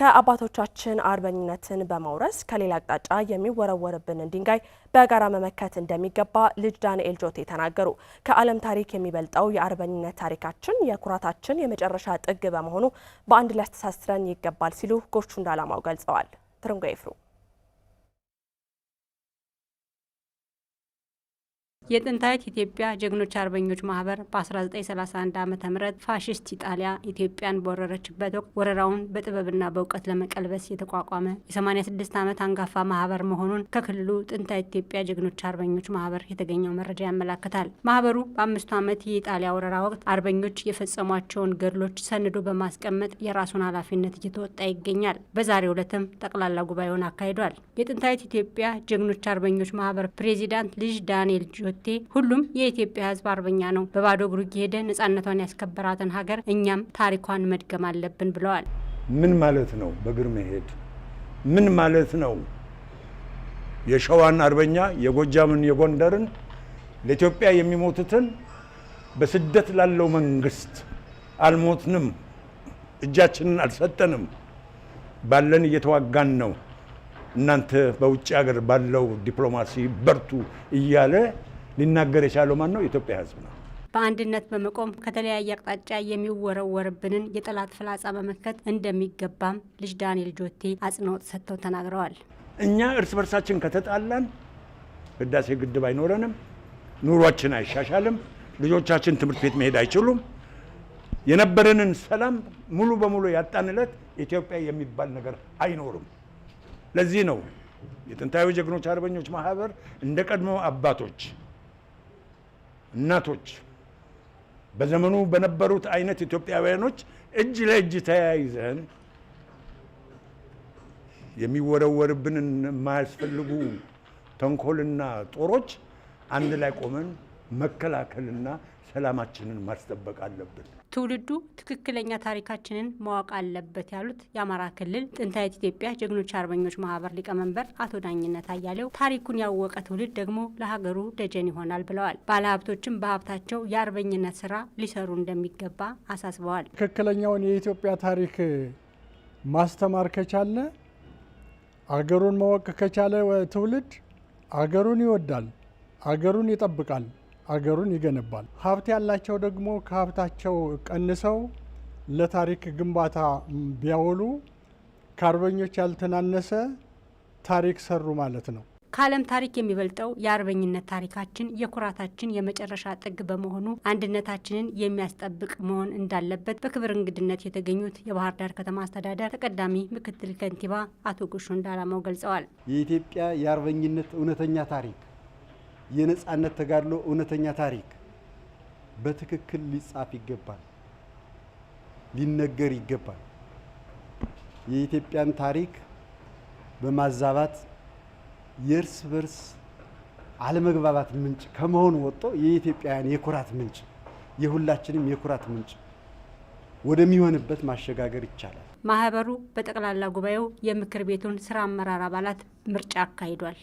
ከአባቶቻችን አርበኝነትን በማውረስ ከሌላ አቅጣጫ የሚወረወርብንን ድንጋይ በጋራ መመከት እንደሚገባ ልጅ ዳንኤል ጆቴ ተናገሩ። ከዓለም ታሪክ የሚበልጠው የአርበኝነት ታሪካችን የኩራታችን የመጨረሻ ጥግ በመሆኑ በአንድ ሊያስተሳስረን ይገባል ሲሉ ጎቹ እንዳላማው ገልጸዋል። ትርንጎ ይፍሩ የጥንታዊት ኢትዮጵያ ጀግኖች አርበኞች ማህበር በ1931 ዓ ም ፋሽስት ኢጣሊያ ኢትዮጵያን በወረረችበት ወቅት ወረራውን በጥበብና በእውቀት ለመቀልበስ የተቋቋመ የ86 ዓመት አንጋፋ ማህበር መሆኑን ከክልሉ ጥንታዊት ኢትዮጵያ ጀግኖች አርበኞች ማህበር የተገኘው መረጃ ያመላክታል። ማህበሩ በአምስቱ ዓመት የኢጣሊያ ወረራ ወቅት አርበኞች የፈጸሟቸውን ገድሎች ሰንዶ በማስቀመጥ የራሱን ኃላፊነት እየተወጣ ይገኛል። በዛሬው ዕለትም ጠቅላላ ጉባኤውን አካሂዷል። የጥንታዊት ኢትዮጵያ ጀግኖች አርበኞች ማህበር ፕሬዚዳንት ልጅ ዳንኤል ጆ መፍትሄ ሁሉም የኢትዮጵያ ህዝብ አርበኛ ነው። በባዶ እግሩ እየሄደ ነጻነቷን ያስከበራትን ሀገር እኛም ታሪኳን መድገም አለብን ብለዋል። ምን ማለት ነው በእግር መሄድ? ምን ማለት ነው? የሸዋን አርበኛ የጎጃምን፣ የጎንደርን ለኢትዮጵያ የሚሞቱትን በስደት ላለው መንግስት አልሞትንም፣ እጃችንን አልሰጠንም፣ ባለን እየተዋጋን ነው እናንተ በውጭ ሀገር ባለው ዲፕሎማሲ በርቱ እያለ ሊናገር የቻለው ማን ነው? የኢትዮጵያ ህዝብ ነው። በአንድነት በመቆም ከተለያየ አቅጣጫ የሚወረወርብንን የጠላት ፍላጻ መመከት እንደሚገባም ልጅ ዳንኤል ጆቴ አጽንኦት ሰጥተው ተናግረዋል። እኛ እርስ በርሳችን ከተጣላን ህዳሴ ግድብ አይኖረንም፣ ኑሯችን አይሻሻልም፣ ልጆቻችን ትምህርት ቤት መሄድ አይችሉም። የነበረንን ሰላም ሙሉ በሙሉ ያጣን ዕለት ኢትዮጵያ የሚባል ነገር አይኖርም። ለዚህ ነው የጥንታዊ ጀግኖች አርበኞች ማህበር እንደ ቀድሞ አባቶች እናቶች በዘመኑ በነበሩት አይነት ኢትዮጵያውያኖች እጅ ለእጅ ተያይዘን የሚወረወርብንን የማያስፈልጉ ተንኮልና ጦሮች አንድ ላይ ቆመን መከላከልና ሰላማችንን ማስጠበቅ አለብን። ትውልዱ ትክክለኛ ታሪካችንን ማወቅ አለበት ያሉት የአማራ ክልል ጥንታዊት ኢትዮጵያ ጀግኖች አርበኞች ማህበር ሊቀመንበር አቶ ዳኝነት አያሌው ታሪኩን ያወቀ ትውልድ ደግሞ ለሀገሩ ደጀን ይሆናል ብለዋል። ባለሀብቶችም በሀብታቸው የአርበኝነት ስራ ሊሰሩ እንደሚገባ አሳስበዋል። ትክክለኛውን የኢትዮጵያ ታሪክ ማስተማር ከቻለ አገሩን ማወቅ ከቻለ ትውልድ አገሩን ይወዳል፣ አገሩን ይጠብቃል። አገሩን ይገነባል። ሀብት ያላቸው ደግሞ ከሀብታቸው ቀንሰው ለታሪክ ግንባታ ቢያውሉ ከአርበኞች ያልተናነሰ ታሪክ ሰሩ ማለት ነው። ከዓለም ታሪክ የሚበልጠው የአርበኝነት ታሪካችን የኩራታችን የመጨረሻ ጥግ በመሆኑ አንድነታችንን የሚያስጠብቅ መሆን እንዳለበት በክብር እንግድነት የተገኙት የባህር ዳር ከተማ አስተዳደር ተቀዳሚ ምክትል ከንቲባ አቶ ጉሹ እንዳላማው ገልጸዋል። የኢትዮጵያ የአርበኝነት እውነተኛ ታሪክ የነፃነት ተጋድሎ እውነተኛ ታሪክ በትክክል ሊጻፍ ይገባል፣ ሊነገር ይገባል። የኢትዮጵያን ታሪክ በማዛባት የእርስ በርስ አለመግባባት ምንጭ ከመሆኑ ወጥቶ የኢትዮጵያውያን የኩራት ምንጭ፣ የሁላችንም የኩራት ምንጭ ወደሚሆንበት ማሸጋገር ይቻላል። ማህበሩ በጠቅላላ ጉባኤው የምክር ቤቱን ስራ አመራር አባላት ምርጫ አካሂዷል።